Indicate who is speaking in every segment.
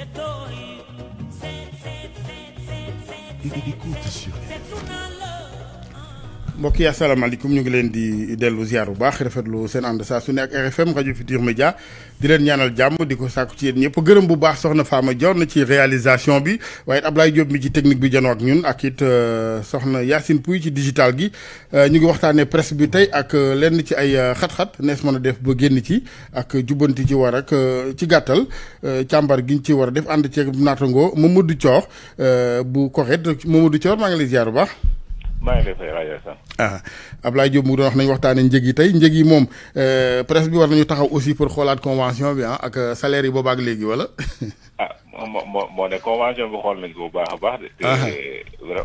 Speaker 1: settori, se, se, se, se, se, se, se, se, se, se,
Speaker 2: mbokk yi asalaamaaleykum ñu ngi leen di dellu ziar bu baax rafetlu seen ànd saa su ne RFM rajo Futur Média di leen ñaanal jàmm di ko sàkku ci yéen ñëpp gërëm bu baax soxna Fama Dione ci réalisation bi waaye it Ablaye Diop mi ci technique bi janoo ak ñun ak it euh, soxna Yacine Pouy ci digital gi euh, ñu ngi waxtaanee presse bi tey ak euh, lenn ci ay xat-xat nees mën a def ba génn ci ak jubanti ci war ak ci gàttal càmbar giñ ci war a def ànd ceeg naatango Momadou Thior bu Koret Momadou Thior maa ngi lay baax maa ngi ah Abdoulaye Diop mu doon wax nañu waxtaanee njëg yi tey njëg yi moom euh, presse bi war nañu taxaw aussi pour xoolaat convention bi ah ak euh, salaire yi boobaak léegi wala.
Speaker 3: ah moo moo moo ne convention bi xool nañ ko bu baax a baax de. Ah, ah. te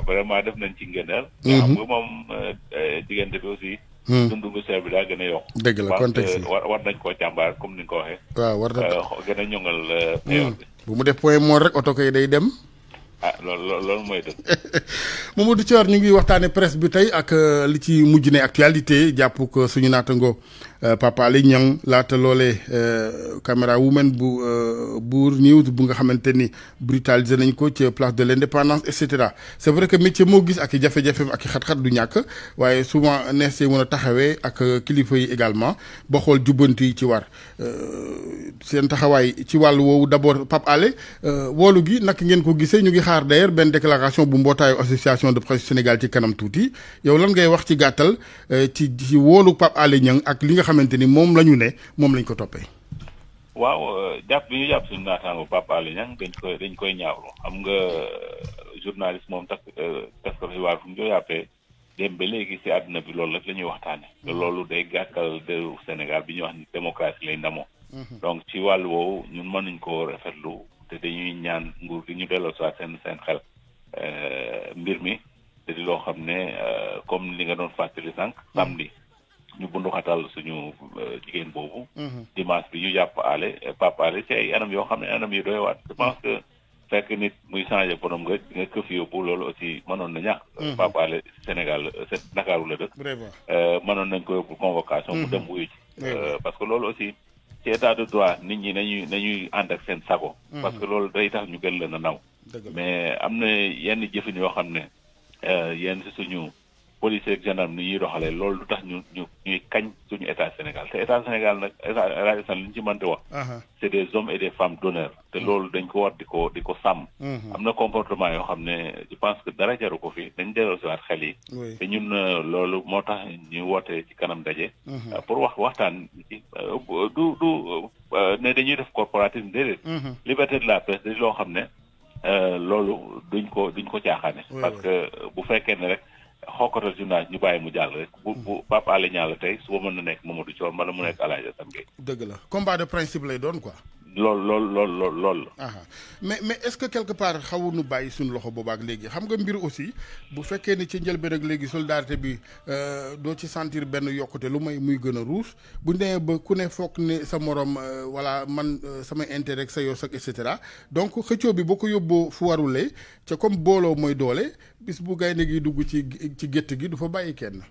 Speaker 3: vraiment def nañ ci ngëneel. Mhm. xam nga moom euh, diggante bi aussi. Hmm. dundu bu seer bi daa gën a yokk. dëgg la contexte bi war nañ koo càmbar comme ni nga ko waxee. waaw war na gën a ñoŋal hmm. période
Speaker 2: bi. bu mu def point mort rek oto kay day dem. ah
Speaker 3: loolu loolu mooy
Speaker 2: moom dëgg. Mamadou Thior ñu ngi waxtaanee presse bi tey ak euh, li ci mujj ne actualité jàpp ko suñu naatango Euh, Papa Alé la laata loolee euh, caméra woman bu euh, buur news bu nga xamante ni ko ci place de l'indépendance, etc. et cetera c' vrai que métier moo gis ak i jafe ak xat-xat du ñàkk waaye souvent nees mën a taxawee ak yi également ba xool jubbanti yi ci war seen taxawaay ci wàllu woowu d' abord Papa Alé woolu gi nak ngeen ko gisee ñu ngi xaar déclaration bu association de presse Sénégal ci kanam tuuti yow lan ngay wax ci gàttal ci ci woolu Papa Ale ak xamante ni moom la ñu ne moom lañ ko toppee.
Speaker 3: waaw euh, jàpp bi ñu jàpp suñu naataango Papa Alé Niang dañ koy dañ koy ñaawlu xam nga euh, journaliste moom tax euh, tax ko xibaar fu mu ko yàppee dem ba léegi si àdduna bi loolu rek la ñuy waxtaane mm-hmm. te loolu day gàkkal réewu Sénégal bi ñuy wax ni démocratie lay ndamoo mm-hmm. donc ci wàll woowu ñun mënuñ koo rafetlu te dañuy ñaan nguur gi ñu delloo soit seen seen xel mbir mi te di loo xam ne comme li nga doon fàttali sànq mm-hmm. samedi ñu bunduxatal suñu euh, jigéen boobu. Mm-hmm. dimanche bi ñu jàpp aale euh, Pape Alé ci ay anam yoo xam ne anam yi doy waat je que fekk nit muy changé borom nga nga këf yóbbu loolu aussi mënoon na ñàkk. Mm-hmm. Pape Alé Sénégal euh, Ndakaaru la dëkk. mënoon nañ ko yóbbu convocation. mu mm-hmm. dem wuyu parce que loolu aussi ci état de droit nit ñi nañuy nañuy ànd ak seen sago. parce que loolu day tax ñu gën leen a naw. mais am na yenn jëfin yoo xam ne yenn si suñu. police ak gendarme ni ñuy doxalee loolu du tax ñu ñu ñuy kañ suñu état Sénégal te état Sénégal nag état rajo Sénégal li ñu ci mënti wax. c'est des hommes et des femmes d'honneur te loolu dañ ko war di ko di ko sàmm. am na comportement yoo xam ne je pense que dara jaru ko fi dañ delloosiwaat xel yi. te ñun euh, loolu moo tax ñu woote ci kanam daje. Euh, pour wax waxtaan ci euh, du du ne dañuy def corporatisme déedéet. liberté de la presse dañ loo xam ne loolu duñ ko duñ ko caaxaane. parce que bu fekkee ne rek. xokkatal journal ñu bàyyi mu jàll rek. bu bu Pape Alé Niang la tey suba mën na nekk Mamadou Thior mbala mu nekk El Hadj Assane
Speaker 2: dëgg la combat de principe lay doon ko
Speaker 3: lol lol lol lol lool
Speaker 2: la. mais mais est-ce que quelque part xawuñu bayyi suñu loxo boobaak léegi xam nga mbir aussi bu fekkee ni ci njëlbeen rek léegi solidarité bi euh, do ci sentir ben yokkute lu may muy gëna a bu nee ba ku ne foog ne sa morom euh, voilà man euh, sama intérêt ak sa yoo ak et cetera donc xëccoo bi boo yobbo yóbboo fu warulee ci comme bolo moy doole bis bu gaynde gi dugg ci ci gétt gi du fa bayyi kenn.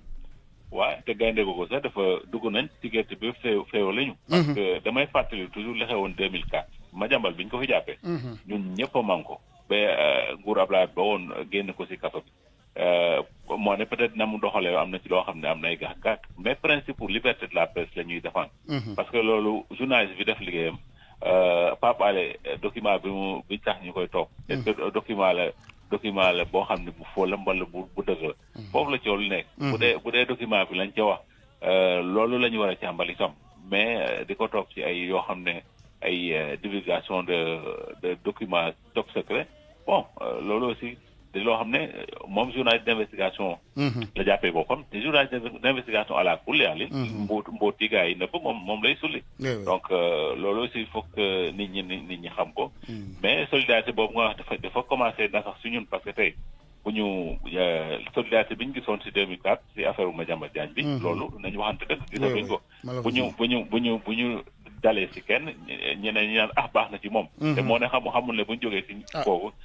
Speaker 3: waa te gaynde googu sax dafa dugg nañ ci gerte bi feew feew la mhm. parce que damay fàttali toujours li xewoon 2004. Madiambal bi ñu ko fi jàppee. Mhm. ñun ñëpp a manko ba euh, nguur Ablaye ba woon euh, génn ko si kaso bi. Euh, moo ne peut-être na mu doxalee am na ci loo xam ne am nay gàkk gàkk mais principe pour liberté de la presse la ñuy mhm. parce que loolu journaliste bi def liggéeyam Pape Alé document bi mu bi tax ñu koy toog est document la. document la boo xam ne bu foo la mbala bu bu dëgg la mm-hmm. foofu la coow lu nekk mm-hmm. bu dee bu de document bi lañ ca wax euh, loolu la ñu war a càmbali itam mais euh, di ko topp ci ay yoo xam ne ay euh, divulgation de de documents top secret bon loolu aussi di loo xam ne euh, moom journaliste d'investigation mhm. la jàppee boppam te journaliste d'investigation à la kuleyali mhm. mboot mbooti gars yi nëpp moom moom lay sulli donc euh, loolu aussi il faut que nit ñi nit ñi xam ko mhm. mais solidarité boobu nga wax dafa dafa commencé na sax si ñun parce que tey bu ñu euh, solidarité bi ñu gisoon si 2004 si affaire bu Madiambal Diagne bi loolu nañu waxante dëgg gisatuñ ko bu ñu bu ñu bu ñu bu ñu dalee si kenn ñeneen ñi naan ah baax na ci moom te moo ne xam xamul ne bu ñu jógee si kooku ah.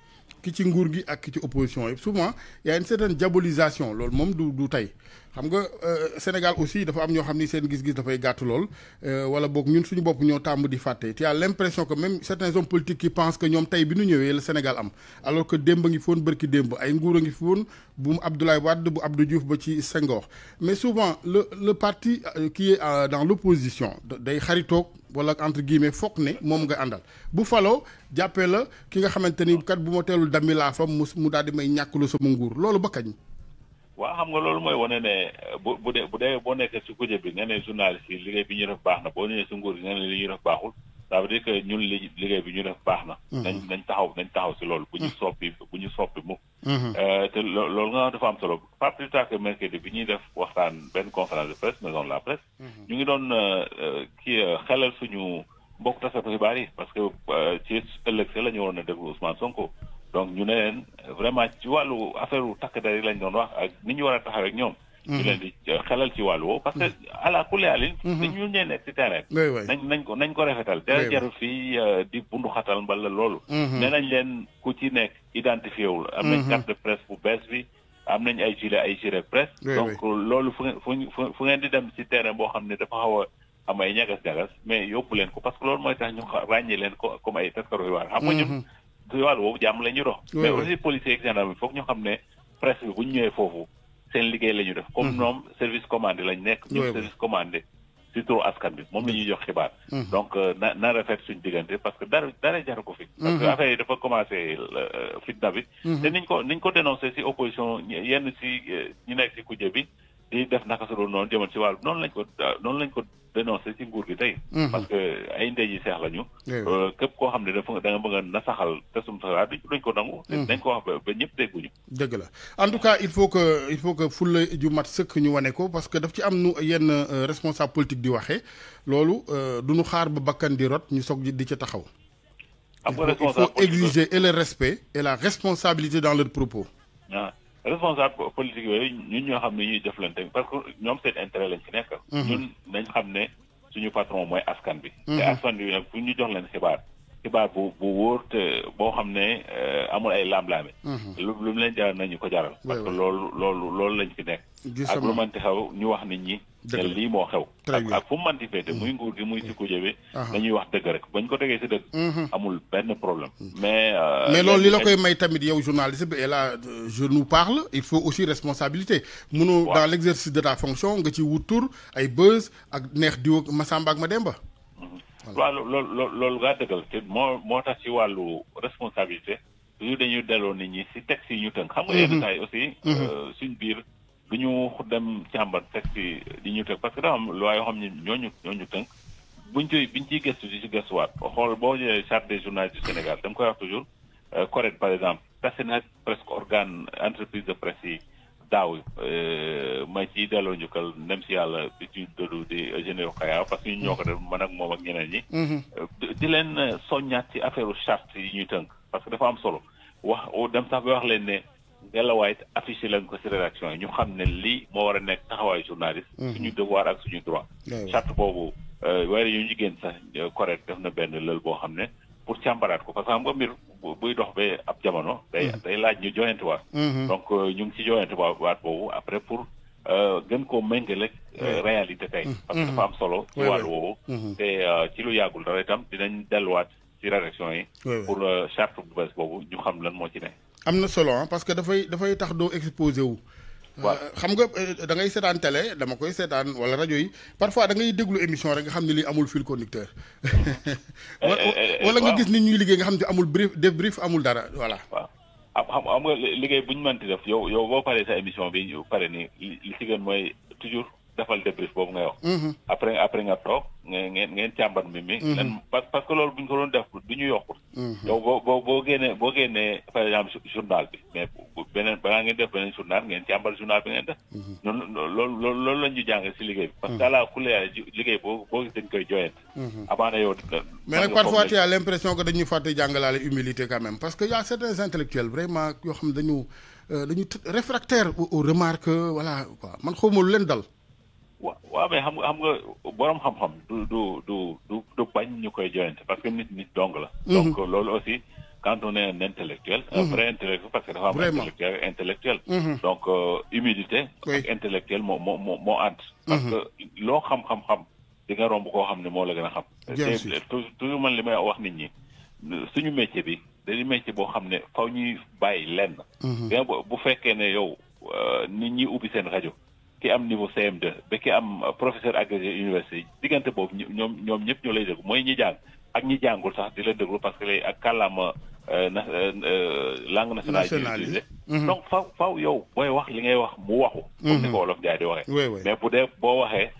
Speaker 2: Qui ci à qui ak ci opposition Et souvent y a une certaine diabolisation lors même du du taille xam nga euh, Sénégal aussi dafa am ñoo xam ni seen gis-gis dafay gàtt lool euh, wala boog ñun suñu bopp ñoo tàmm di fàtte tu as l'impression que même certains hommes politiques qui pensent que ñoom tey bi ñu ñëwee la Sénégal am alors que démb a ngi foon bërki démb ay nguur a ngi foon bu Abdoulaye Wade bu Abdou Diouf ba ci Senghor mais souvent le le parti euh, qui est dans l'opposition day xaritoog wala entre guillemets foog ne moom nga àndal bu faloo jàppee la ki nga xamante ni kat bu ma teelul dammi laa fa mu mu daal di may ñàkk lu sama nguur loolu ba kañ
Speaker 3: waaw xam nga loolu mooy wane ne eh, bu bu dee bu dee boo nekkee si kuje bi nga ne journaliste yi liggéey bi ñuy def baax na boo ñëwee si nguur gi nga ne li ñuy def baaxul ça veut dire que ñun li liggéey bi ñu def baax na. Mm-hmm. nañ nañ taxaw nañ taxaw si loolu. bu ñu mm-hmm. soppi bu ñu soppi mu. Mm-hmm. Eh, te loolu nga dafa am solo pas plus tard bi ñuy def waxtaan benn conférence de presse ñu ngi doon eh, kii xelal suñu mbokk tasatu xibaar yi parce que ci ëllëg si la ñu waroon a déglu Ousmane Sonko. donc ñu ne leen vraiment ci wàllu affaire wu takk der yi lañ doon wax ak ni ñu war a taxaw ak ñoom. Mhm. ñu leen di euh, xelal ci wàllu woowu. parce que mhm. ala kulli alin. Mhm. dañu ñëw nekk ci terrain nañ nañ ko nañ ko rafetal. dara jarul fii euh, di bundu xatal mbala loolu. nee nañ leen ku ci nekk identifié wul. am nañ carte de presse bu bees bi. am nañ ay gilet ay gilet presse. donc loolu fu ngeen fu ngeen di dem ci terrain boo xam ne dafa xaw a am ay ñagas ñagas mais yóbbu leen ko parce que loolu mooy tax ràññee leen ko comme ay taskaroy waar xam nga ñun ci wàll woowu jàmm la ñu dox. mais aussi policier ak bi foog ñu xam ne presse bi ñëwee foofu seen liggéey la ñu def. comme mhm. ñoom service commandé lañ nekk. ñun service commandé si turu askan bi moom la ñuy jox xibaar. Mhm. donc euh, na na rafet suñ diggante parce que dara dara jaru ko fi. parce que mhm. affaire yi dafa commencé euh, fitna bi. te niñ ko niñ ko dénoncé si opposition yenn si euh, ñu nekk si kujje bi di def naka su dul noonu jëmal si wàll noonu lañ ko noonu lañ ko. dénoncer ci nguur gi tey. Mhm. parce que ay ndey ji seex la ñu. Eh euh, képp koo xam ne dafa da nga bëgg a nasaxal tesum saxaar duñ ko nangu. dañ mhm. ko wax ba ñëpp dégguñu.
Speaker 2: dëgg la en tout cas il faut que il faut que fulla ju mat sëkk ñu wane ko parce que daf ci am nu yenn euh, responsable politique di waxee loolu euh, du ñu xaar ba bakkan di rot ñu soog di ca taxaw. il faut exiger et le respect et la responsabilité dans leurs propos.
Speaker 3: Ah. responsable politique yooyu ñun ñoo xam ne ñuy def jëflante parce que ñoom seen intérêt lañ ci nekkal. Mhm. ñun nañ xam ne suñu patron mooy askan bi. Mhm. te askan bi nag fu ñu jox leen xibaar. xibaar bu bu wóor te boo xam ne eh, amul ay laam-laame. Mhm. lu lu leen jaral nañu ko jaral. parce que loolu loolu loolu lañ fi nekk. ak lu manti xew ñu wax nit ñi. te lii moo xew. ak fu mu manti féete muy mhm. nguur gi muy si jëwee. dañuy wax dëgg rek bañ ko déggee si dëgg. Mhm. amul benn problème. mais euh, mais loolu li la koy
Speaker 2: may tamit yow journaliste bi et là je nous parle il faut aussi responsabilité. mënoo dans l' exercice de ta fonction nga ci wutur ay buzz ak neex diw ak Masamba ak Mademba.
Speaker 3: waaw loolu loolu loolu ngaa dëggal te moo moo tax ci wàllu responsabilité toujours dañuy delloo nit ñi ci texte yi ñu tënk xam nga mhm. yenn saa aussi mhm. euh, suñ biir du ñu dem càmbar texte yi ñu tënk parce que dafa am loi yoo xam ne ñooñu ñooñu tënk buñ ci biñ ciy gëstu di ci gëstuwaat xool boo jëlee charte des journalistes du Sénégal dama koy wax toujours euh, CORED par exemple tase na presque organe entreprise de presse yi daaw euh, ma ciy delloo njukkal ndem si yàlla bi ci dëddu di généraux Kaya parce que ñoo ko def man ak moom ak ñeneen ñi. Mm-hmm. Euh, di leen soññaat ci affaire charte yi ñuy tënk parce que dafa am solo wax dem sax ba wax leen ne ngelawaay it affiché ko si rédaction yi ñu xam ne lii moo war a nekk taxawaayu journaliste. Mm-hmm. suñu devoir ak suñu droit. charte boobu weer yu ñu génn sax euh, correct def na benn lël boo xam ne pour càmbaraat ko parce que xam nga mbir buy dox ba ab jamono. day mm-hmm. day laaj ñu joyante waat. Mm-hmm. donc euh, ñu ngi ci joyante waat boobu après pour euh, gën koo méngaleeg
Speaker 4: euh, réalité
Speaker 3: tey. Mm-hmm. parce que dafa am solo. ci wàllu woowu. te ci lu yàggul dara itam dinañ delluwaat ci rédaction yi. pour charte bu bees boobu ñu xam lan moo ci ne.
Speaker 2: am na solo ah, parce que dafay dafay tax doo exposé wu. waaw euh, xam nga euh, da ngay seetaan télé dama koy seetaan wala rajo yi parfois da ngay déglu émission rek nga xam ne lii amul fil conducteur.
Speaker 3: Eh, eh, eh, wala nga gis
Speaker 2: nit ñuy liggéey nga xam ne amul brief def brief amul dara voilà. waaw
Speaker 3: xam xam nga liggéey bu ñu mënti def yow yow boo paree sa émission bi pare ni li si gën mooy toujours. defal débrief boobu ngay wax. Mhm. après après nga toog ngeen ngeen càmbar mbir mi. Mhm. parce que loolu bu ñu ko doon def du ñu yokkut. Mhm. boo boo génnee boo génnee par exemple
Speaker 2: humilité quand parce que y' certains intellectuels vraiment yoo xam dañu euh, dañu réfractaire aux remarques voilà quoi man xawma leen dal.
Speaker 3: wa waaw mais xam nga xam nga borom xam-xam du du du du du bañ ñu koy joyante parce que nit nit dong la. Mhm. donc loolu aussi quand on est un intellectuel. un mhm. intellectuel parce que dafa am. intellectuel intellectuel. Mhm. donc euh, humilité. ak intellectuel moo moo moo moo ànd. parce que loo xam-xam-xam di nga romb koo xam ne moo la gën a xam. toujours man li may wax nit ñi suñu métier bi dañuy métier boo xam ne faw ñuy bàyyi lenn. bu fekkee ne yow euh, nit ñi ubbi seen rajo. ki am niveau CM2 ba ki am euh, professeur agrégé université diggante boobu ñoom ñoom ñëpp ñoo lay déglu mooy ñi jàng ak ñi jàngul sax di la déglu parce que léegi ak kàllaama euh, na euh, langue nationale utilisé mhm. donc faw faw yow booy wax li ngay wax mu waxu comme ni mhm. ko wolof jaay di waxee mais bu dee boo waxee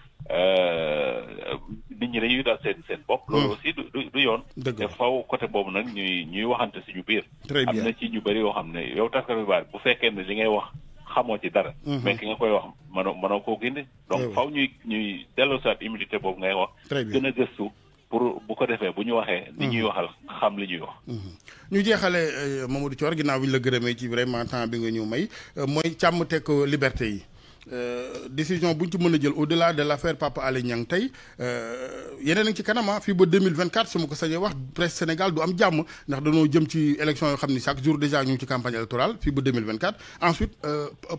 Speaker 3: ni ñi dañuy dal seen seen bopp loolu mhm. aussi du du yoon te faw côté boobu nag ñuy ñuy waxante si ñu biir am na ci ñu bëri yoo xam ne yow taskatu xibaar bu fekkee ne li ngay wax xamoo ci dara. Mhm. mais ki nga koy wax mënoo mënoo koo gindi. donc eh faw ñuy ñuy delloosiwaat immunité boobu ngay wax. gën a gëstu pour bu ko defee bu ñu waxee. ni ñuy mhm. waxal xam li ñuy wax.
Speaker 2: Mhm. ñu jeexale euh, Mamadou Thior ginnaaw bi ñu la gërëmee ci vraiment temps bi nga ñëw may euh, mooy càmm teg liberté yi. Euh, décision bu ñu ci jël au delà de l'affaire Papa Alé Niang euh yeneen nañ ci kanama ah, fi ba 2024 su ko sañee wax presse Sénégal du am jamm ndax dañoo jëm ci élection yo xamni chaque jour déjà ñu ci campagne électorale fi ba 2024. ensuite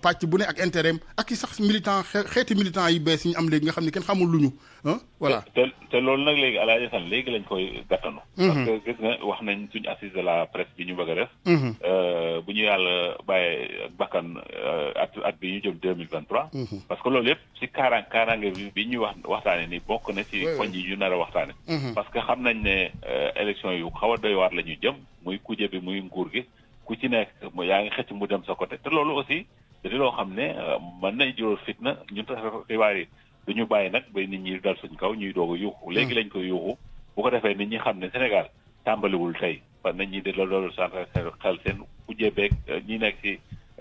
Speaker 2: patch euh, bu ne ak intérêt ak sax militant xéti militant yi bees yi ñu am légui nga xamni kenn xamul luñu hein ah.
Speaker 3: voilà te te loolu nag léegi alaaji san léegi lañ koy gàttanu mhm. parce que gis nga wax nañ suñu assise de la presse bi ñu bëgg a def mhm. euh, bu ñu yàlla bàyyee bakkan euh, at at bi ñu jëm deux mille vingt mhm. parce que loolu yëpp si kaaraan kaaraange bi bi ñuy wax waxtaane ni bokk na si koñ yi ñu nar a waxtaane parce que xam nañ ne euh, élection yu xaw a doy waar la ñu jëm muy kuje bi muy nguur gi ku ci nekk yaa ngi xëcc mu dem sa côté te loolu aussi da loo xam ne mën nañ fitna ñun tax yi du ñu bàyyi nag ba nit ñi dal suñ kaw ñuy doog yuuxu hmm. léegi lañ ko yuuxu bu ko defee nit ñi xam ne Sénégal tàmbaliwul tey ba nañ ñi di la loolu sànq xel seen kujje beeg eh, ñi nekk ci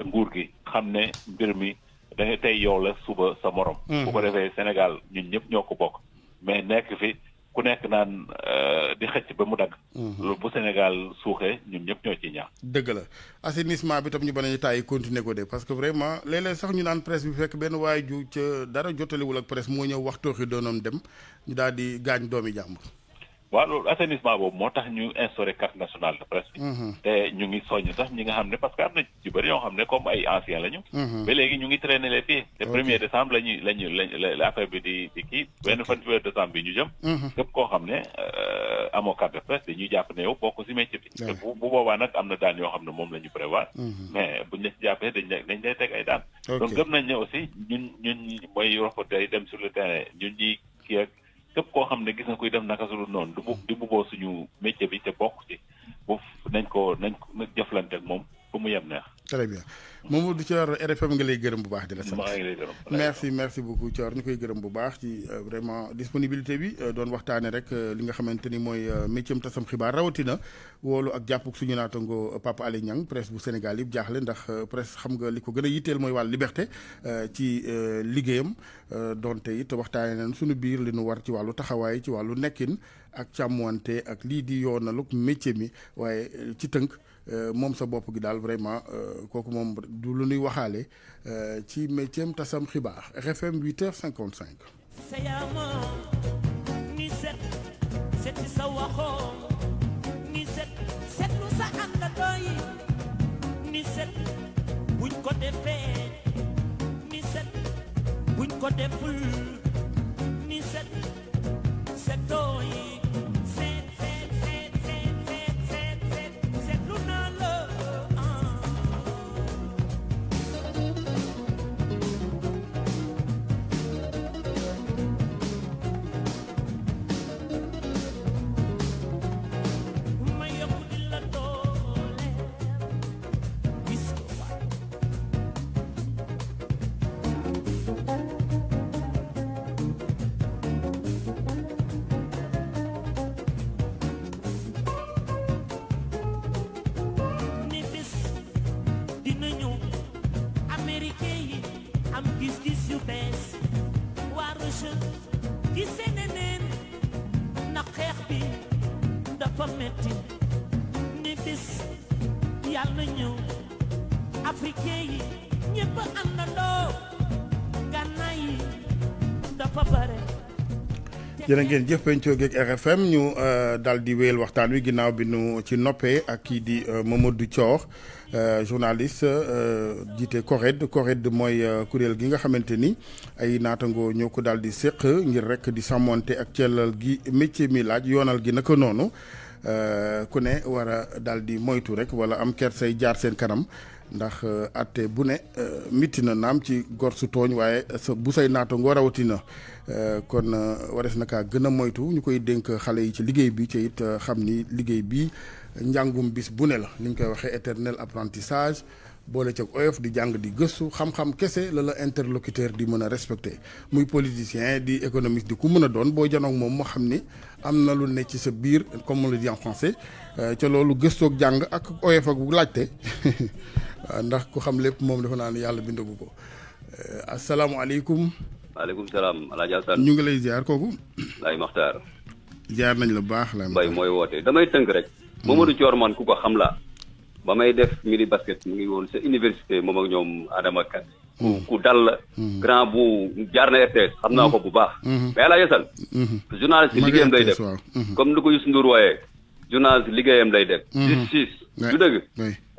Speaker 3: nguur gi xam ne mbir mi da tey yow la suba sa morom hmm. bu ko defee Sénégal ñu ñëpp ñoo ko bokk mais nekk fi ku nekk naan euh, di xëcc ba mu dagg. Mhm. loolu bu Sénégal suuxee ñun ñëpp ñoo ciy ñaax.
Speaker 2: dëgg la assainissement bi tam ñu banañu taay continuer ko de parce que vraiment léeg-léeg sax ñu naan presse bi fekk benn waay ju ca dara jotaliwul ak presse moo ñëw wax tooxi doonam dem ñu daal di gaañ doomi jàmbur.
Speaker 3: waaw loolu assainissement boobu moo tax ñu instauré carte nationale de presse bi mhm. te ñu ngi soññ sax ñi nga xam ne parce que am na ci bëri xam ne comme ay anciens la ñu mhm. léegi ñu ngi traîner les pieds te premier décembre la ñuy la ñu la affaire bi di kii benn fan ci weer décembre ñu jëm mhm. képp koo xam ne euh, amoo carte de presse dañuy jàpp ne yow bokk si métier bi te bu boobaa nag am na daan yoo xam ne moom la ñu prévoir mais buñ la si jàppee dañ dañ lay teg ay daan donc gëm nañ ne dem sur le terrain ñun képp koo xam ne gis na kuy def naka su dul noonu. du bu di buggoo suñu métier bi te bokk ci. boof nañ ko nañ ko jëflante ak moom. ba mu yem
Speaker 2: neex. très bien Mamadou Thior RFM nga lay gërëm bu baax di la sant merci merci beaucoup Thior ñu koy gërëm bu baax ci euh, vraiment disponibilité bi euh, doon waxtaane rek euh, li nga xamante ni mooy métier tasam xibaar rawatina woolu ak jàppuk suñu naatango Papa Alé Niang presse bu Sénégal yi yëpp jaaxle ndax presse xam nga li ko gën a yitteel mooy wàllu liberté ci liggéeyam donte it waxtaane nañ suñu biir li nu war ci wàllu taxawaay ci wàllu nekkin ak càmmuwante ak lii di yoonaluk métier mi waaye ci tënk Euh, mom sa bop vraiment euh, kooku mom du lu nuy euh ci métier tassam RFM 8h55. buñ ko jërë ngeen jëf pencoo geeg RFM ñu euh, daal di wéyal waxtaan wi ginnaaw bi nu ci noppee ak kii di euh, Mamadou Thior euh, journaliste jiite CORED CORED mooy kuréel gi nga xamante ni ay naatangoo ñoo ko daal di séq ngir rek di sàmmonte ak cellal gi métier mi laaj yoonal gi naka noonu ku ne war a daal di moytu rek wala am kersay jaar seen kanam ndax atte bu ne mitti na naam ci gor su tooñ waaye sa bu say naatangoo rawatina. Euh, kon euh, waref naka gëna niko moytu ñukoy denk xalé yi ci liggéey bi ci it euh, xamni bi njangum bis bu ne la ni koy waxe éternel apprentissage boole ci oyof di jang di gëssu xam-xam kese la la interlocuteur di mëna respecter mui muy politicien di économiste di ku mëna doon bo janoog moom moo xam ni am lu ne ci sa biir comme on le dit en français lolu gëssu ak jang ak oyof ak laajte ndax ku xam lepp mom dafa naa
Speaker 5: maaleykum salaam El Hadj ñu ngi
Speaker 2: lay ziar kooku. Laye Makhtar. ziar nañ la bu baax la.
Speaker 5: mooy wootee damay tënk rek. Hmm. Mamadou Thior man ku ko xam laa. ba may def mini basket mu ngi woon sa université moom ak ñoom Adama Kane. ku hmm. ku dal hmm. grand bu jaar na RTS xam naa ko bu baax. mais El Hadj Assane. journaliste liggéeyam lay def comme ni ko Youssou Ndour wooyee. journaliste liggéeyam lay def. justice du dëgg.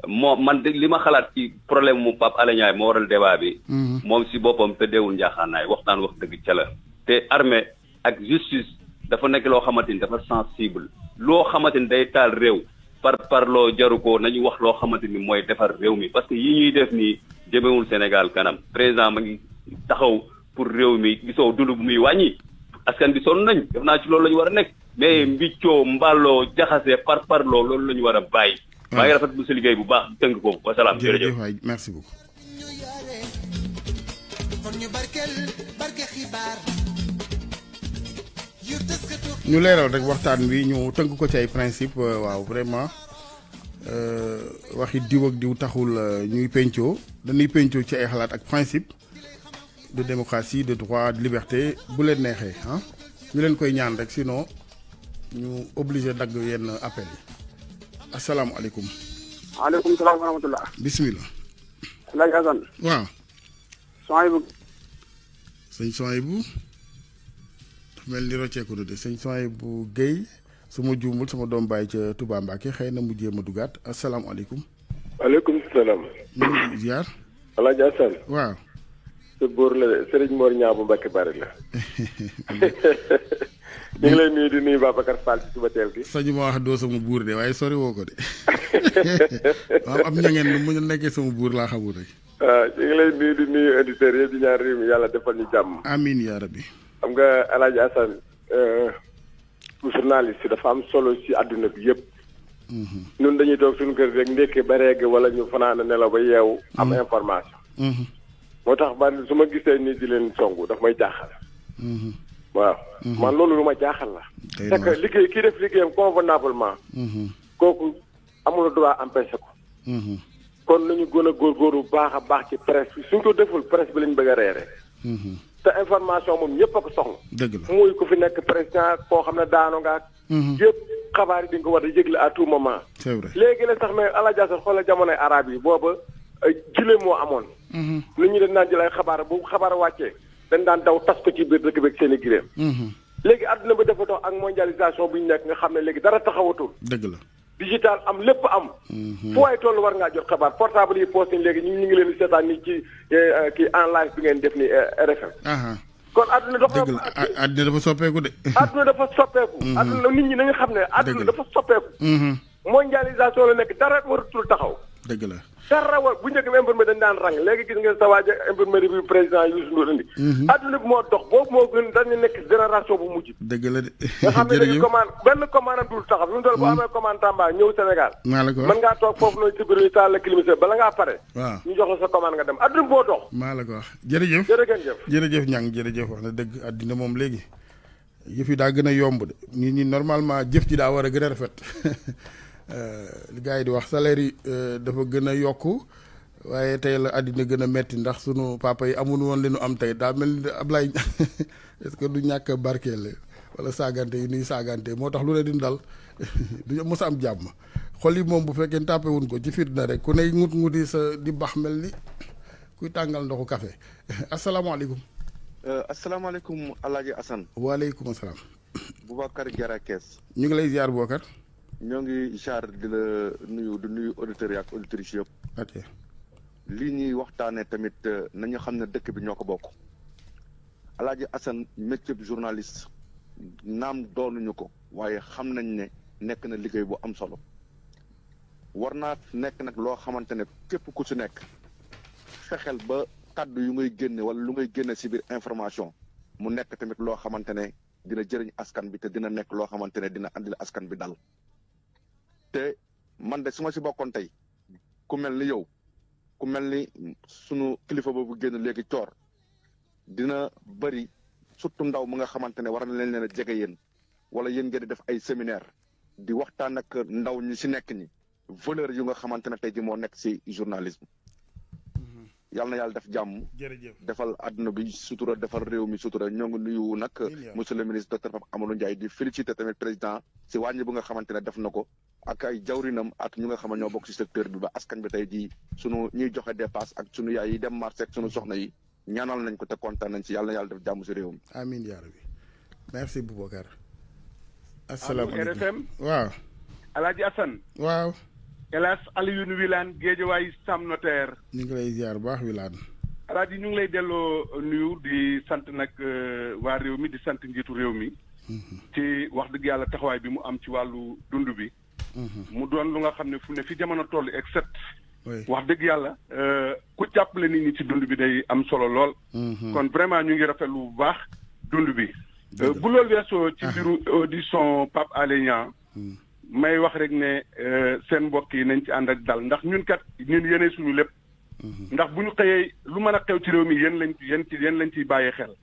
Speaker 5: moo man de li ma xalaat ci problème mu pap Alé moo waral débat bi. Mhm. moom si boppam tëddeewul njaaxaanaay waxtaan wax dëgg ca la. te armée ak justice dafa nekk loo xamante ni dafa sensible. loo xamante ni day taal réew. par par loo jaru ko nañu wax loo xamante ni mooy defar réew mi parce que yi ñuy def nii jëmewul Sénégal kanam président ma taxaw pour réew mi gisoo dund bu muy wàññi. askan bi sonn nañ def naa ci loolu la ñu war a nekk. mais mbiccoo mbàlloo jaxase par par loo loolu la ñu war a bàyyi. maa liggéey bu baax tënk ko wasalaam. jërëjëf
Speaker 2: waay merci beaucoup. ñu leeral rek waxtaan wi ñu tënk ko ci ay principe euh, waaw vraiment euh, waxi diw ak diw taxul euh, ñuy pencoo dañuy pencoo ci ay xalaat ak principe de démocratie de droit de liberté bu leen neexee ah ñu leen koy ñaan rek sinon ñu obligé dagg yenn appel yi. asalaamualeykum.
Speaker 1: waaleykum salaam wa rahmatulah. bisimilah. El Hadj Assane. waaw. Souhaïbou.
Speaker 2: sëñ mel ni rocceeku du de sëñ Souhaïbou Guèye su ma juumul sama doom bàyyi ca Touba Mbacke xëy na mu jéem a dugaat asalaamualeykum.
Speaker 1: waaleykum salaam.
Speaker 2: ñu ngi ziar. waaw.
Speaker 1: sa boor la de Serigne Mor Niang bu Mbacke bari la. ñu ngi lay nuyu di nuyu Babacar Fall ci suba teel
Speaker 2: sañu ma wax doo sama buur de waaye sori woo de am sama xamul rek.
Speaker 1: Ah, ñu ngi lay nuyu di nuyu auditeurs yëpp di ñaan réew mi defal ya rabbi. xam nga El Hadj Assane euh, journaliste dafa am solo ci àdduna bi yëpp. Mhm. ñun dañuy toog suñu kër rek ndekki ba regg wala ñu fanaan nelaw ba am mhm. information. Mhm. gisee di leen songu daf may waaw. Mhm. man loolu lu ma jaaxal la. c'est que liggéey kii def liggéeyam convenablement. Mhm. kooku amul droit empêché ko. Mhm. kon nañu gën a góorgóorlu baax a baax ci presse bi suñ ko deful presse bi lañ bëgg a reere te information moom ñëpp a ko soxla. dëgg la muy ku fi nekk président koo xam ne daanu nga ak. yëpp xabaar yi di ko war a yëgle à tout moment. léegi la sax mais ala jaasal xoolal jamonoy arabe yi booba jile moo amoon. nit ñi dañ naan jël ay xabaar bu xabaar wàccee. dañ daan daw tas ko ci biir dëkk beeg seen i gileem. Mhm. léegi àdduna bi dafa dox ak mondialisation bu ñu nekk nga xam ne léegi dara taxawatul. dëgg la digital am lépp am. Mhm. fu waay toll war ngaa jot xabaar portable yi posté léegi ñu ngi leen di seetaan ni ci eh, kii en live bi ngeen def ni eh, RFM. kon àdduna dafa dëgg la
Speaker 2: àdduna dafa soppeeku de.
Speaker 1: àdduna dafa soppeeku. Mhm. àdduna nit ñi na nga xam ne. àdduna dafa soppeeku. mondialisation la nekk dara waratul taxaw. dëgg la. dara wa bu njëkk imprimerie dañ daan rang léegi gis ngeen sa waaj imprimerie bi président Youssou Ndour indi mhm. adduna bi moo dox boobu moo gën dañu nekk génération bu mujj
Speaker 2: dëgg la de nga xam ne dañu
Speaker 1: commande benn commande dul taxaw lu mu doon boo mhm. amee commande Tamba ñëw Sénégal mën ngaa toog foofu noonu ci biir taal bala ngaa pare waaw
Speaker 2: nga dem adduna bi moo dox maa la ko wax jërëjëf jërëjëf jërëjëf ñang jërëjëf wax na dëgg addina moom léegi yëf yi daa gën a yomb de nit ñi normalement jëf ji daa war a gën a rafet Euh, li gars yi di wax salaire yi euh, dafa gën a yokk waaye tey la àddina gën a metti ndax sunu papa yi amul woon li nu am tey daa mel ni Ablaye est-ce que du ñàkk barkeel wala saagante yi nuy saagante moo tax lu ne din dal du mos a am jàmm xol yi moom bu fekkee tàppe wuñ ko ci fitna rek ku ne ngut nguti sa di baax mel ni kuy tàngal ndoxu kafe asalaamaaleykum.
Speaker 6: Euh, asalaamaaleykum El Hadj Assane.
Speaker 2: waaleykum asalaam.
Speaker 6: Boubacar Kees.
Speaker 2: ñu ngi lay ziar Boubacar.
Speaker 6: ñoo ngi char di la nuyu di nuyu auditeurs yi ak auditrices yëpp. ok ñuy waxtaanee tamit euh, nañu xam ne dëkk bi ñoo ko bokk. Alaaji Assane métier bi journaliste naam doonuñu ko waaye xam nañ ne nekk na liggéey bu am solo war naa nekk nag loo xamante ne képp ku si nekk fexeel ba kàddu yu ngay génne wala lu ngay génne ci biir information mu nekk tamit loo xamante ne dina jëriñ askan bi te dina nekk loo xamante ne dina andil askan bi dal. te man de suma si bokkoon tey ku mel ni yow ku mel ni sunu kilifa boobu génn léegi coor dina bëri surtout ndaw mu nga xamante ne war na leen leen a jege yéen wala yéen ngeen di def ay séminaire di waxtaan ak ndaw ñi si nekk ñi valeur yu nga xamante ne tey ji moo nekk si journalisme mhm. yàlla na yàlla def jàmm defal àdduna bi sutura defal réew mi sutura ñoo ngi nuyu nag monsieur le ministre docteur Pape Amadou Ndiaye di féliciter tamit président si wàññi bu nga xamante ne def na ko ak ay jawrinam ak ñu nga xam ñoo bokk ci secteur bi ba askan bi tay jii sunu ñuy joxe dépasse ak sunu yaay yi dem marché ak sunu soxna yi ñaanal nañ ko te kontaan nañ ci yalla yalla def jamm ci réew
Speaker 2: amin ya rabbi merci boubacar assalamu alaykum waaw
Speaker 1: aladi asan waaw elas wilan geejju way sam notaire
Speaker 2: ñu ngi lay ziar baax wilan
Speaker 1: aladi ñu ngi lay delo nuyu di sant nak euh, wa réew mi di sant njitu réew mi mhm. ci wax deug yalla taxaway bi mu am ci walu dundu bi Mm-hmm. mu doon lu nga xam ne fu ne fi jamono toll except wax dëgg yàlla euh, ku jàppale nit ñi ci dund bi day am solo lool mm-hmm. kon vraiment ñu ngi rafetlu bu baax dund bi euh, bu loolu weesoo ci ah. biiru audition Pape Alé Niang mm. may wax rek ne euh, seen mbokk yi nañ ci ànd ak dal ndax ñun kat ñun yéene suñu lépp mm-hmm. ndax bu ñu xëyee lu mën a xew ci réew mi yéen lañ ci yéen ci yéen lañ ciy bàyyi xel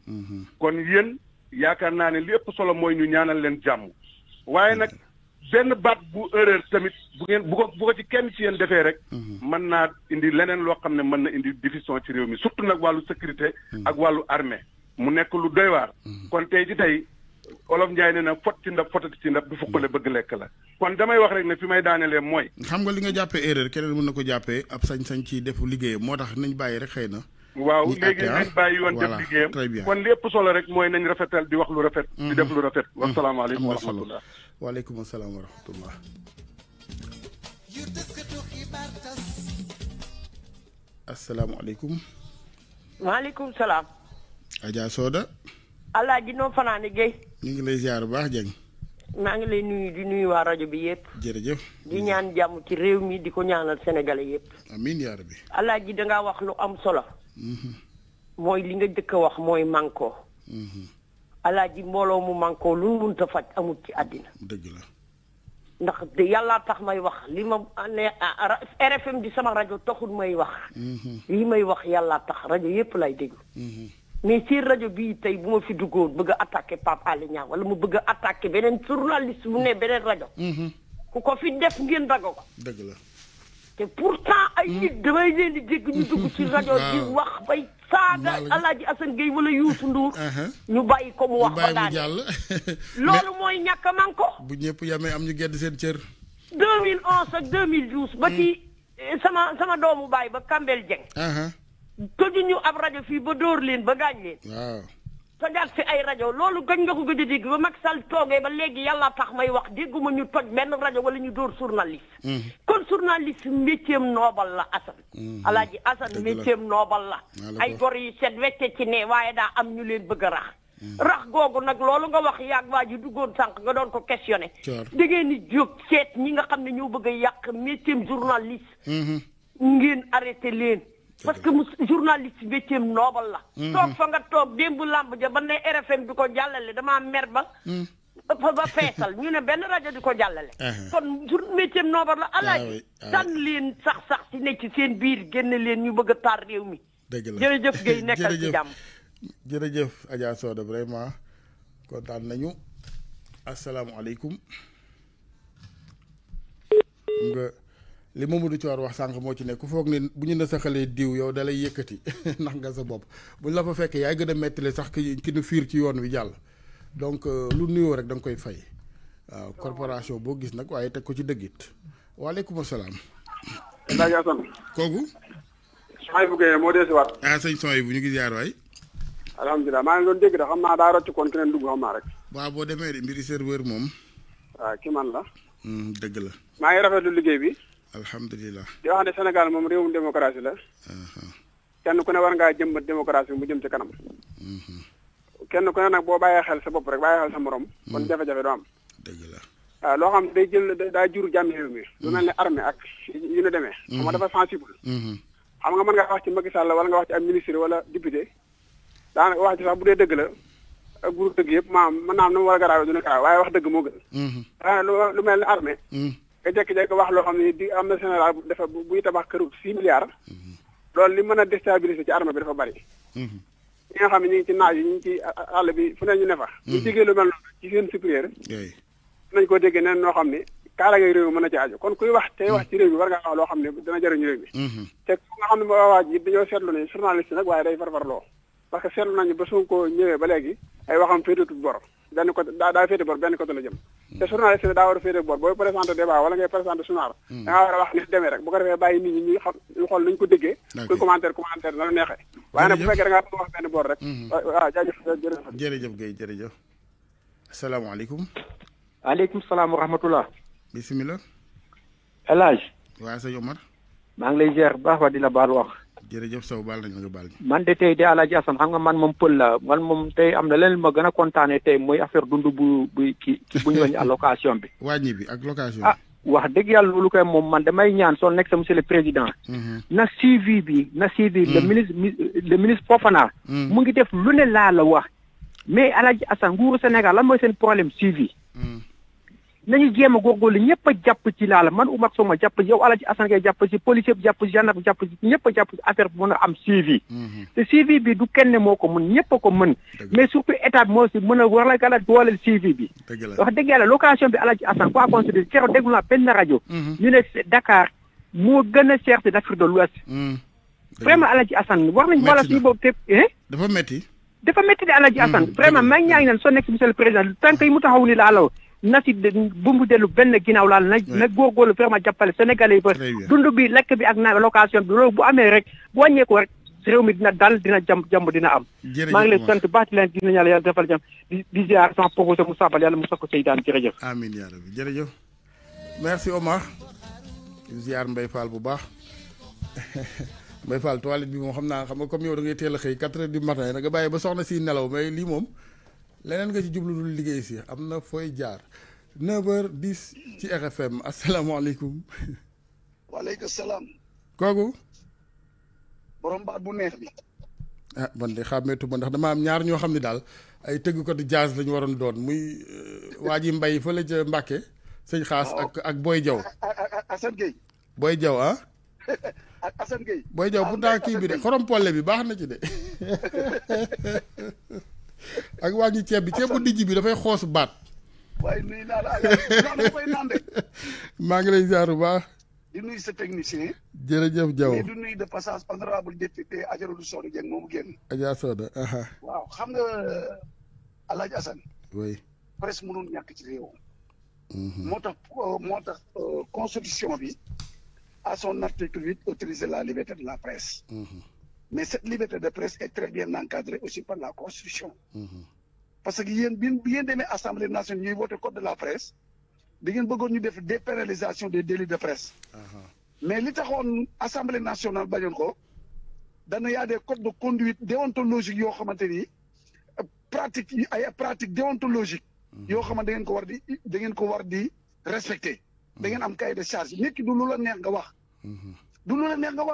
Speaker 1: kon yéen yaakaar naa ne lépp solo mooy ñu ñaanal leen jàmm waaye nag benn baat bu erreur tamit bu ngeen bu ko bu ko ci kenn ci yenn defee rek. Mhm. mën naa indi leneen loo xam ne mën na indi division ci réew mi surtout nag wàllu sécurité. Mhm. ak wàllu armée mu nekk lu doy waar. Mhm. kon tey ji tey olof Ndiaye ne na fot ci ndab fotati ci ndab du fukkale bëgg lekk la. kon damay wax rek ne fi may daanelee mooy.
Speaker 2: xam nga li nga jàppee erreur keneen mën na ko jàppee ab sañ-sañ ci defu liggéeyam moo tax nañ bàyyi rek xëy na. waaw léegi nañ bàyyi yoon def liggéeyam
Speaker 1: kon lépp solo rek mooy nañ rafetal di wax lu rafet. di def lu rafet. wasalaamaaleykum wa rahmatullah
Speaker 2: waaleykum asalaam wa rahmatullah asalaamualeykum.
Speaker 7: waaleykum salaam. Adja Soda. Alaaji noo fanaane Guèye.
Speaker 2: ñu ngi lay ziar baax Dieng.
Speaker 7: maa ngi lay nuyu di nuyu waa rajo bi yëpp. jërëjëf. di ñaan jàmm ci réew mi di ko ñaanal sénégalais yëpp.
Speaker 2: amiin bi rabbi.
Speaker 7: Alaaji dangaa wax lu am solo. Mhm. mooy li nga jëkk wax mooy manko mhm. alaaji mbooloo mu mànkoo lu mu mënta faj amul ci àddina dëgg la ndax yàllaa tax may wax li ma ne ah, ah, RFM di sama rajo taxul may wax mhm. li may wax yàllaa tax rajo yépp lay déglu mhm. mais ci rajo bii tey bu ma fi duggoon bëgg a attaqué Pape Alé Niang wala mu bëgg a attaqué beneen journaliste bu ne beneen rajo mhm. ku ko fi def ngeen dago ko dëgg la te pourtant ay nit hmm? damay leen di dégg ñu dugg ci rajo di hmm? wax bay saaga Alaaji Assane Gueye wala Youssou Ndour uh-huh. ñu bàyyi ko mu wax ba daane
Speaker 2: loolu mooy ñàkk man ko bu ñëpp yamee am ñu gedd seen cër
Speaker 7: deux mille onze ak deux mille douze ba ci hmm. eh, sama sama doomu baay ba Kambel Dieng uh-huh. tëjuñu ab rajo fii ba dóor leen ba gaañ leen waaw tojaat fi ay rajo loolu gañ nga ko gëj a dégg ba Macky Sall toogee ba léegi yàlla tax may wax dégguma ñu toj benn rajo walla ñu dóor journaliste. Mm. kon journaliste métier am noobal la Assane.
Speaker 4: Mm. alaaji
Speaker 7: Assane métier am noobal la. ay gor yi set wecce ci ne waaye daa am ñu leen bëgg rax. Mm. rax googu nag loolu nga wax yàgg waa ji duggoon sànq nga doon ko questionné. da ngeen di jóg seet ñi nga xam ne ñoo bëgg a yàq métier am journaliste. Mm-hmm. ngeen arrêté leen. parce que journaliste métier noble la. Mhm. toog fa nga toog démb làmb ja ba ne RFM di ko jàllale damaa mer ba. Mhm. ba feesal ñu ne benn rajo di ko jàllale. Mhm. kon jour métier noble la. Ah alaaji ah tànn leen sax sax si ne seen biir génne leen ñu bëgg a taar réew mi.
Speaker 2: dëgg la jërëjëf Guèye nekka ci jàmm. jërëjëf Adja Soda vraiment kontaan nañu asalaamualeykum. nga. li Mamadou Thior wax sànq moo ci nekk ku foog ne bu ñu sa nasaxalee diw yow dalay yëkkati ndax nga sa bopp buñ la fa fekkee yaay gën a mettale sax ki ki nu fiir ci yoon wi jàll donc euh, lu nuyoo rek da koy fay waaw corporation boo gis nag waaye teg ko ci dëggit waaleykum salaam. Ndao Diassane. kooku. soxna moo desewaat. ah yi bu ñu gis yaar waay. alhamdulilah maa ngi doon dégg da
Speaker 1: xam naa daa rocc kon keneen dugg xam naa rek. waaw boo
Speaker 2: demee mbiri serveur moom.
Speaker 1: waaw ki man la. Hmm,
Speaker 2: dëgg la. maa
Speaker 1: ngi rafetlu liggéey bi.
Speaker 2: alhamdulilah.
Speaker 1: di wax ne Sénégal moom réewum démocratie la. kenn ku ne war ngaa jëmbat démocratie mu jëm ci kanam. Mhm. kenn ku ne nag boo bàyyee xel sa bopp rek bàyyee xel sa morom. kon mhm. jafe-jafe doo am. loo xam day jël daa jur jàmm réew mi. lu mel ne mhm. armée ak yu ñu demee. xam nga dafa sensible. xam nga mën nga wax ci Macky Sall wala nga wax ci am ministre wala député daanaka wax ci sax bu dee dëgg la ak groupe dëgg yëpp maam mën naa am na mu war a waaye wax dëgg moo gën. lu nga jékki-jékki wax loo xam ne di am na général dafa buy tabax këru six milliards loolu li mën a déstabiliser ci armée bi dafa bari ñi nga xam ne ñu ngi ci naaj yi ñu ngi ci àll bi fu ne ñu ne fa ñu jigéen lu mel noonu ci seen supérieur ko déggee neen noo xam ne kaala ngay réew mën a ci aju kon kuy wax tey wax ci réew bi war ngaa wax loo xam ne dana jëriñ réew bi mhm. te ku nga xam ne moo waaj yi dañoo seetlu ne journaliste nag waaye day farfarloo parce que seetlu nañu ba Sonko ñëwee ba léegi ay waxam féetutu bor benn côté daa daa féete benn côté la jëm te journaliste bi daa war a féete bor booy présenté débat wala ngay présenté journal hmm. da ngaa war a wax ni deme rek bu ko defee bàyyi nit ñi ñuy xam ñu ko déggee kuy commentaire
Speaker 2: commentaire na la neexee waaye nag bu fekkee da ngaa wax benn bor rek hmm. waaw jaajëf jërëjëf jërëjëf Guèye jërëjëf asalaamaaleykum aleykum salaam wa rahmatullah bisimila El Hadj waaw sëñ Omar maa ngi lay ziar bu baax di la baal wax jërëjëf Sow baal nañ la nga baal
Speaker 8: man de tey de Alaaji Asan xam nga man moom pël la man moom tey am na leneen ma gën a kontaanee tey mooy affaire dund bu bu ki bu ñu wàññi location bi.
Speaker 2: wàññi bi ak location ah
Speaker 8: wax dëgg yàlla lu koy moom man damay ñaan soo nekk sa monsieur le président. Mm-hmm. na suivi bi na suivi. le mm. ministre le ministre Fofana. Mm. mu ngi def lu ne laa la wax. mais Alaaji Asan nguuru Sénégal lan mooy seen problème suivi. Mm. nañu jéem a góorgóorlu ñëpp jàpp ci laala man Oumar Sow ma jàpp ci yow Alaaji Assane Gueye jàpp ci policier bi jàpp ci gendarme bi jàpp ci ñëpp jàpp ci affaire bi mën a am suivi mhm. te suivi bi du kenn moo ko mën ñëpp a ko mën mais surtout état bi moo si mën a war la gala dooleel suivi bi wax dëgg yàlla location bi Alaaji ci quoi considéré keroog déglu rajo mhm. ñu ne moo gën a cher si d'Afrique de l'Ouest mhm. vraiment Alaaji Assane war nañ wala suñu boobu te dafa métti dafa métti de Alaaji Assane vraiment maa ngi ñaan naan son ex monsieur mu taxaw ni laalaw na si bu mu dellu benn ginnaaw laal na na góorgóorlu vraiment jàppale sénégalais yi ba dund bi lekk bi ak na location bi loolu bu amee rek bu wàññeeku rek réew mi dina dal dina jàmm jamb dina am maa ngi leen sant baax di leen dina ñàlla
Speaker 2: yàlla defal jàmm di di ziar sama proposé mu sabal yàlla mu sakko seydaan jërëjëf amiin yaa rabbi jërëjëf merci Omar ziar Mbaye Fall bu baax Mbaye Fall toilette bi moom xam naa xam nga comme yow da ngay a xëy quatre heures du matin da nga bàyyi ba soxna si nelaw mais lii moom leneen nga ci jublu dul liggéey si am na fooy jaar 9h10 ci RFM asalaamaaleykum. waaleykum salaam. kooku.
Speaker 9: borom baat bu neex bi.
Speaker 2: ah man de xàmmeetu ma ndax dama am ñaar ñoo xam ne daal ay ko di jaas lañu waroon doon muy euh, waa ji mbay fële ca Mbàkke sëñ xaas ak oh. ak Boy Jaw Assane Gueye Boy Jaw ah ak Assane Gueye Boy kii bi de xorom polle bi baax na ci de ak waa ji ceeb bi ceeb bu dijj bi dafay xoos baat.
Speaker 9: waaye nuyu naa la
Speaker 2: maa ngi lay ziar bu baax.
Speaker 9: di nuy sa technicien.
Speaker 2: jërëjëf jaw mais du
Speaker 9: nuy de passage honorable député Adjaratou Sow Dieng moomu génn. Adja Soda. waaw xam nga El euh, Hadj oui presse mënul ñàkk ci réew. Mhm. moo tax euh, moo tax euh, constitution bi à son article 8 autoriser la liberté de la presse. Mhm. Mais cette liberté de presse est très bien encadrée aussi par la Constitution. qu'il mhm. Parce que bien bien des assemblées assemblée nationale a voté code de la presse qui y a ñu de dépénalisation des délits de presse. Mhm. mais li assemblée nationale il y a des codes de conduite déontologiques, euh, pratiques déontologiques, qui pratique yi ay pratique déontologique. a des da ngeen ko y a ko respecté. Il y am cahier de qui sont ki du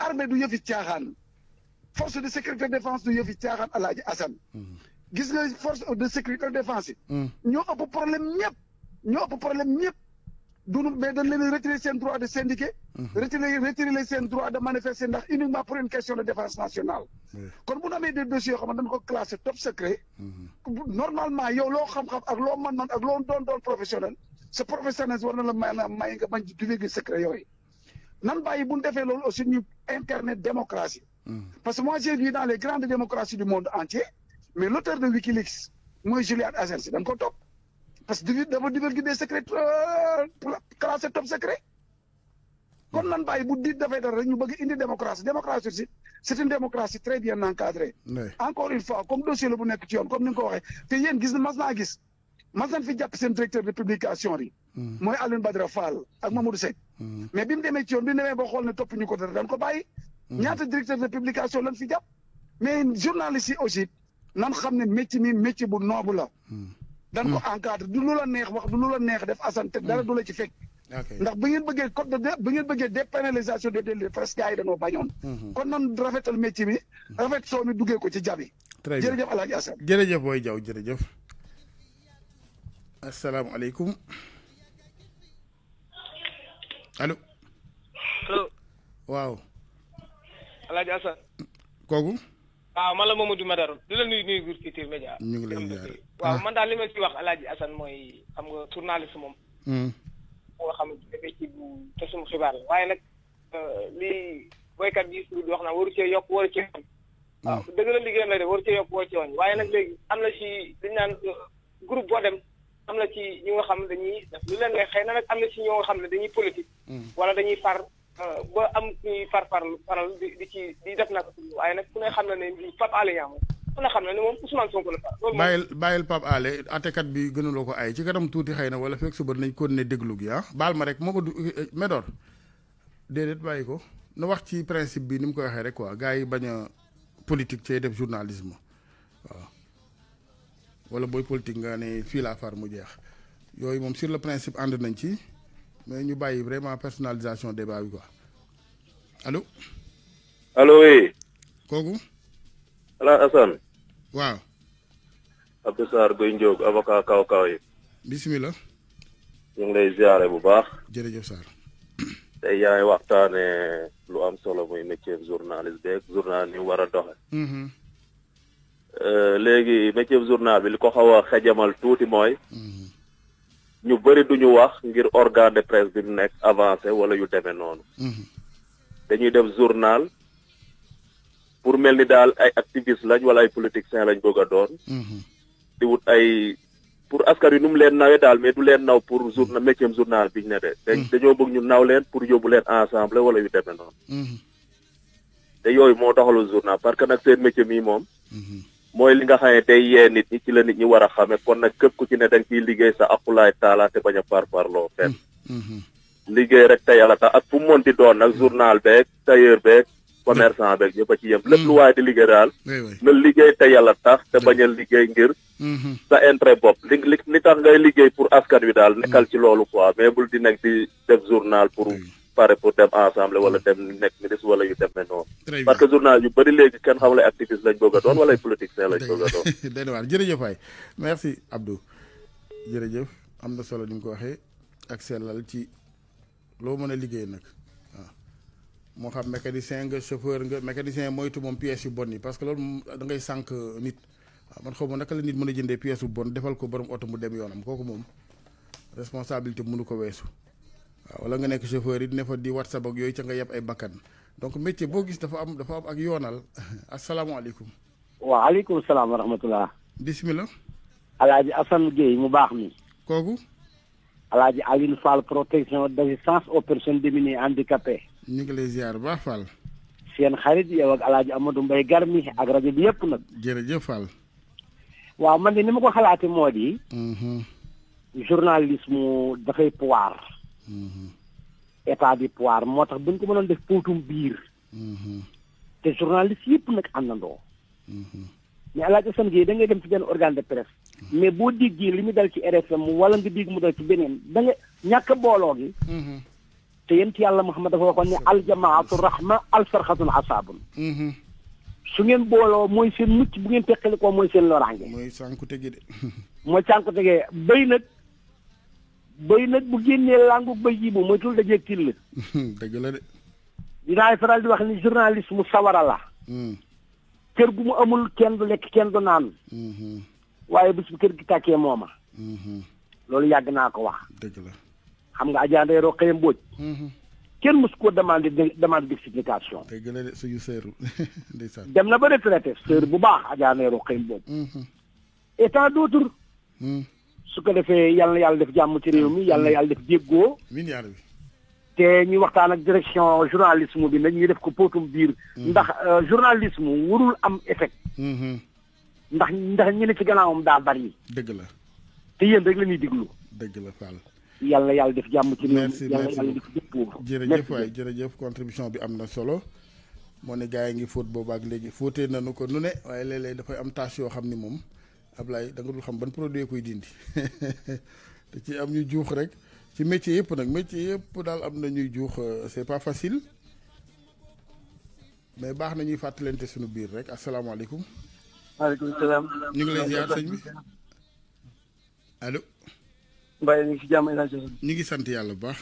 Speaker 9: armée du yëfi caaxaan force de sécurité défense du yëfi caaxaan Alaaji Assane hmm. gis nga force de sécurité défense Nous ñoo ëpp problème nous ñoo ëpp problème ñëpp nous mais dañ leen retirer seen droit de syndiquer hmm. retirer retirer les seen droit de manifester ndax uniquement pour une question de défense nationale kon bu ñu des dossiers yoo xam ne classé top secret hmm. normalement yow loo xam-xam ak loo man-man ak loo doon doon professionnel ce professionnel war na la may na may nga secret nan bu aussi internet démocratie. Hmm. parce que moi j'ai vu dans les grandes démocraties du monde entier mais l'auteur de Wikileaks mooy Julian Assange c'est ko top. parce que dafa divulguer des secrets euh, classe top secret. Comme hmm. nan bàyyi bu y dafay dara rek ñu bëgg indi démocratie démocratie une démocratie très bien encadrée. encore une fois comme dossier le bu nekk comme nous avons dit, waxee te yéen gis na mas mas nañ fi jàpp seen directeur de publication yi. Hmm. mooy Alioune Badara Fall ak hmm. Mamadou Seck. Hmm. mais bi mu demee ci yoon bi mu demee ba xool ne topp ñu ko dara dañ ko bàyyi. ñaata directeur de publication lañ fi jàpp. mais journaliste yi aussi nan xam ne métier mi métier bu noobu la. dañ ko encadré du lu la neex wax du lu la neex def asante dara du la ci fekk. ndax bu ngeen bëggee code de bu ngeen bëggee dépénalisation des délits presque gars yi dañoo bañoon. kon
Speaker 2: nan rafetal
Speaker 9: métier mi. rafet soo duggee ko ci jabi.
Speaker 4: très bien jërëjëf
Speaker 2: El Hadj Assane. jërëjëf jërëjëf. asalaamualeykum allo. allo. waaw. El Hadj Assane. kooku.
Speaker 8: waaw man la Mamadou Madaro di la nuyu nuyu groupe Futurs Médias.
Speaker 4: ñu ngi lay waaw
Speaker 8: man daal li ma ci wax El Hadj Assane mooy xam nga journaliste moom. Hmm. moo xam dafay ci bu tasum xibaar la waaye nag euh, lii boykat bi si wax naa waru cee yokk waru cee wàññi. Hmm. waaw dëgg la liggéeyam lay waru cee yokk waru ci wàññi waaye nag léegi am na ci dañ euh, boo dem. am xam dañuy na nag am xam ne dañuy politique. Mm. wala dañuy euh, xam na ne bii xam na ne moom Ousmane Sonko
Speaker 2: la far. loolu bàyyil bàyyil Pape bi gënuloo ko ay ci kanam tuuti xëy na wala fekk suba nañ ko ne déglu gi ah. baal ma rek moo ko du eh, eh, Médor déedéet bàyyi ko nu wax ci principe bi ni mu ko waxee rek quoi gars yi bañ a politique cay def journalisme. wala booy politique nga ne fii laa far mu jeex yooyu moom sur le principe ànd nañ ci mais ñu bàyyi vraiment personnalisation débat bi quoi allo. allo oui. kooku. Ala Assane. waaw.
Speaker 5: Abdou Sarr Guèye Ndiog avocat kaw kaw yi. bisimilah. ñu ngi lay ziare bu baax. jërëjëf Sarr. tey yaa ngi lu am solo muy métier journaliste beeg journal ni mu doxe mm-hmm. Euh, léegi métier journal bi li ko xaw a xejamal tuuti mooy ñu bëri duñu wax ngir organe de presse bi mu nekk avancé wala yu demee noonu dañuy def journal pour mel ni daal ay activiste lañ wala ay politiciens lañ bëgg a doon di wut ay pour askan wi nu mu leen nawee daal mais du leen naw pour journal mm-hmm. métier journal bi ñu ne de mm-hmm. dañoo bëgg ñu naw leen pour yóbbu leen ensemble wala yu demee noonu mm-hmm. te yooyu moo taxalu journal parce que nag seen métier mii moom mooy li nga xam ne day yee nit ñi ci la nit ñi war a xame kon nag képp ku ci ne da nga liggéey sa akulaay taala te bañ a parparloo fenn mm, mm, mm. liggéey rek te yàlla tax ak fu mu mën di doon nag journal beeg tailleur beeg commerçant beeg ñëpp a ci yem lépp lu waaye di liggéey daal na liggéey te yàlla tax te bañ a liggéey ngir sa intérêt bopp li li tax ngay liggéey pour askan wi daal nekal ci loolu quoi mais bul di nekk di def journal pour préparé pour dem ensemble wala mm. dem nekk ministre wala yu demee noonu. parce que journal yu bëri léegi kenn xamul ay activiste lañ bëgg a doon wala ay politicien lañ bëgg a doon.
Speaker 4: dana
Speaker 2: waar jërëjëf waay merci Abdou jërëjëf am na solo ni ko waxee ak lal ci loo mën a liggéey nag waaw moo xam mécanicien nga chauffeur nga mécanicien moytu moom pièces yu bon yi parce que loolu da ngay sànq nit waaw man xaw ma naka la nit mën a jënde pièce bon defal ko borom mu dem yoonam kooku moom responsabilité mënu ko weesu. waaw wala nga nekk chauffeur yi ne fa di whatsapp ak yooyu ca nga yeb ay bakkan donc métier boo gis dafa am dafa am ak yoonal asalaamaaleykum.
Speaker 10: waaw aleykum salaam wa rahmatulah. bisimilah. El Hadj Assane Gueye mu baax mi. kooku. El Hadj Alioune Fall protection d'assistance aux personnes démunies handicapées.
Speaker 2: ñu ngi lay ziar baax Fall.
Speaker 10: seen xarit yow ak El Hadj Amadou Garmi ak rajo bi yëpp nag.
Speaker 2: jërëjëf Fall.
Speaker 10: waaw man de ni ma ko xalaatee moo di. Mhm. dafay pouvoir. Mm-hmm. état bi poire moo tax buñ ko mënoon def póotum biir mm-hmm. te journaliste yëpp nag àndandoo mm-hmm. mais El Hadj Assane Gueye da ngay dem ci benn organe de presse mais boo déggee li mu dal ci RFM wala nga dégg mu dal ci beneen da ñàkk booloo gi te yent yàlla Muhammad dafa waxoon ne aljamaatu rahma alfarxatun asaabun su ngeen booloo mooy seen mucc bu ngeen teqalikoo mooy seen loraange mooy sànku tege de mooy sànku tege béy nag bëy nag bu génnee langu bëy yi bu moytul dajeeg til la. dëgg la de. dinaay faral di wax ni journaliste mu sawara la. Mm. kër gu mu amul kenn du lekk kenn du naan. Mm-hmm. waaye bés bu kër gi tàkkee mooma. Mm-hmm. loolu yàgg naa ko wax. dëgg la xam nga Adja Ndeye Rokhaya Mbodj. Mm-hmm. kenn mës koo demandé demande d'explication. dëgg la de suñu sœur ndeysaan dem na ba retraité sœur bu baax Adja Ndeye Rokhaya Mbodj. et su ko defee yal na yàlla def jàmm ci réew mi yal na yàlla def jéggoo te ñuy waxtaan ak direction journalisme bi nag ñuy def ko póotum biir hmm. ndax euh, journalisme warul am effet hmm. ndax ndax ñu ne ci gannaawam daa bari dëgg la te yéen rek la ñuy diglu
Speaker 2: dëgg la Fall yàlla yàlla def jàmm ci réew mi yàlla yàlla def jéggoo jërëjëf contribution bi am na solo moo ne gars yi ngi fóot boobu ak léegi fóotee nanu ko nu ne waaye léeg-léeg dafay am tâche yoo xam ni moom ablay da nga dul xam ban produit koy dindi te ci am ñu juux rek ci métier yépp nag métier yépp daal am na ñuy juux euh, c'est pas facile mais baax na ñuy fàttalante suñu biir rek asalaamaaleykum. maaleykum salaam. ñu ngi lay ziar sëñ bi allo. Mbaye ñu ngi si jàmm ñu ngi sant yàlla bu baax.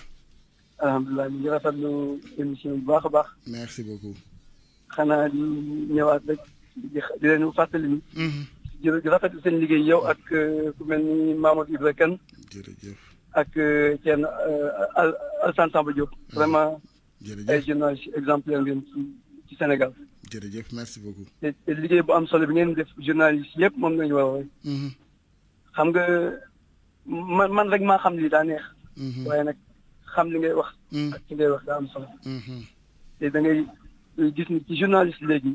Speaker 2: alhamdulilah ñu ngi rafetlu émission bu baax a baax. merci beaucoup.
Speaker 11: xanaa di ñëwaat rek di leen fàttali ni. Mm-hmm. jërëjëf di rafetlu seen liggéey yow ak mm-hmm. euh, ku mel ni Mamadou Ibra Kane jërëjëf ak kenn euh, euh, Alassane Samba mm-hmm. vraiment ay journalistes exemplaires ci Sénégal.
Speaker 2: jërëjëf merci beaucoup.
Speaker 11: te liggéey bu am solo bi ngeen def journaliste yëpp moom nañu war a mm-hmm. xam nga man man rek maa xam lii daa neex. waaye nag xam li ngay wax. ak li ngay wax daa am solo. te da ngay gis ni léegi.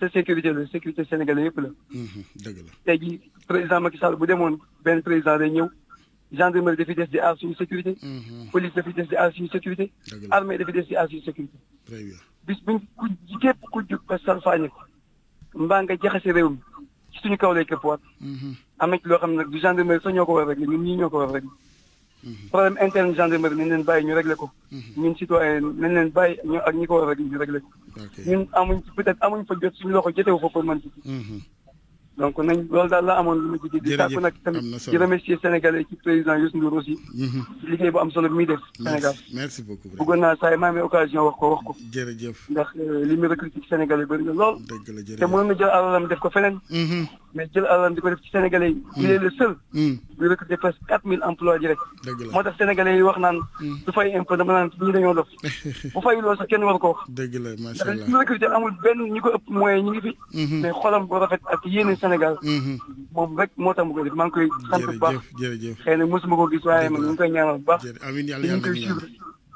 Speaker 11: sa sécurité la sécurité sénégalais yëpp la.
Speaker 4: Mhm, dëgg la
Speaker 11: tey ji président Macky Sall bu demoon benn président day ñëw gendarmerie dafi des di aar suñu sécurité. Mhm. police dafi des di aar suñu sécurité. armée dafi des di aar suñu sécurité. très bis buñ ku képp ku jug ba salfaañe ko mbaa nga jaxase réew mi ci suñu kaw lay képp waat. Mhm. am na ci loo xam ne nag du gendarmerie sax ñoo ko war a régler ñun ñii ñoo ko war a Mhm. problème interne gendarmerie nañ leen bàyyi ñu réglé ko. Mhm. ñun citoyen nañ leen bàyyi ñu ak ñi ko war a réglé ñu réglé ko. ñun amuñ peut-être amuñ fa jot suñu ko jotewu fa pour mën ci. Mhm. donc nañ daal la amoon lu ma ci mhm. def Sénégal merci euh, na lool te mënoon na jël alalam def ko feneen mhm. mais jël alalam di ko def ci Sénégalais yi mhm. le seul bu recruté presque quatre mille emplois direct moo tax Sénégalais wax naan du fay impôt dama naan ñi dañoo dof bu fay loolu sax kenn war ko wax Sénégal mhm. moom rek moo tax ma ko gis maa ngi koy sant bu baax xëy na mosuma ko gis waaye man ñu ngi koy ñaanal bu baax ñu ngi koy suivre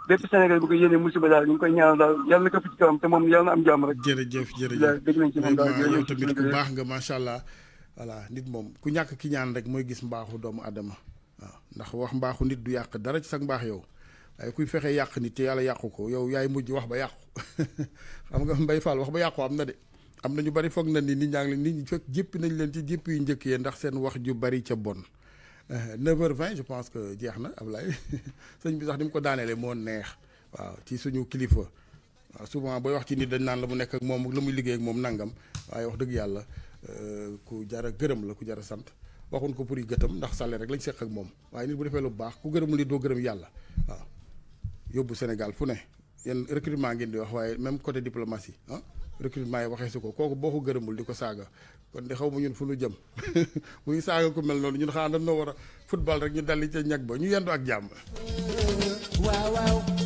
Speaker 11: bépp Sénégal bu ko yéene musiba daal ñu ngi koy ñaanal daal yàlla na ko fi ci kawam te moom yàlla na am jàmm rek
Speaker 2: jërëjëf jërëjëf dégg nañ ci moom daal yow tamit ku baax nga macha allah voilà nit moom ku ñàkk ki ñaan rek mooy gis mbaaxu doomu adama ndax wax mbaaxu nit du yàq dara ci sax mbaax yow waaye kuy fexe yàq nit te yàlla yàqu ko yow yaay mujj wax ba yàqu xam nga mbay fall wax ba yàqu am na de am na ñu bari fogg na ni nit ñaa ngi nit ñi fekk jéppi nañ leen ci jéppi yu njëkk yee ya ndax seen wax ju bari ca bon 9h20 euh, je pense que jeex na Ablaye sëñ bi sax ni mu ko daaneele moo neex waaw ci suñu kilifa waaw souvent booy wax ci nit dañ naan la mu nekk ak moom la muy liggéey ak moom nangam waaye wax dëgg yàlla euh, ku jara gërëm la ku jara sant waxun ko pour yi gëtam ndax sàlle rek lañ seq ak moom waaye nit bu defee lu baax ku gërëm li doo gërëm yàlla waaw yóbbu Sénégal fu ne yéen recrutement ngeen di wax waaye même côté diplomatie ah recrutement yi waxee si ko kooku boo ko gërëmul di ko saaga kon di xaw ma ñun fu nu jëm bu ñu saaga ku mel noonu ñun xanaa dañ war a football rek ñu dalli ca ñag ba ñu yendu ak jàmm
Speaker 4: waaw waaw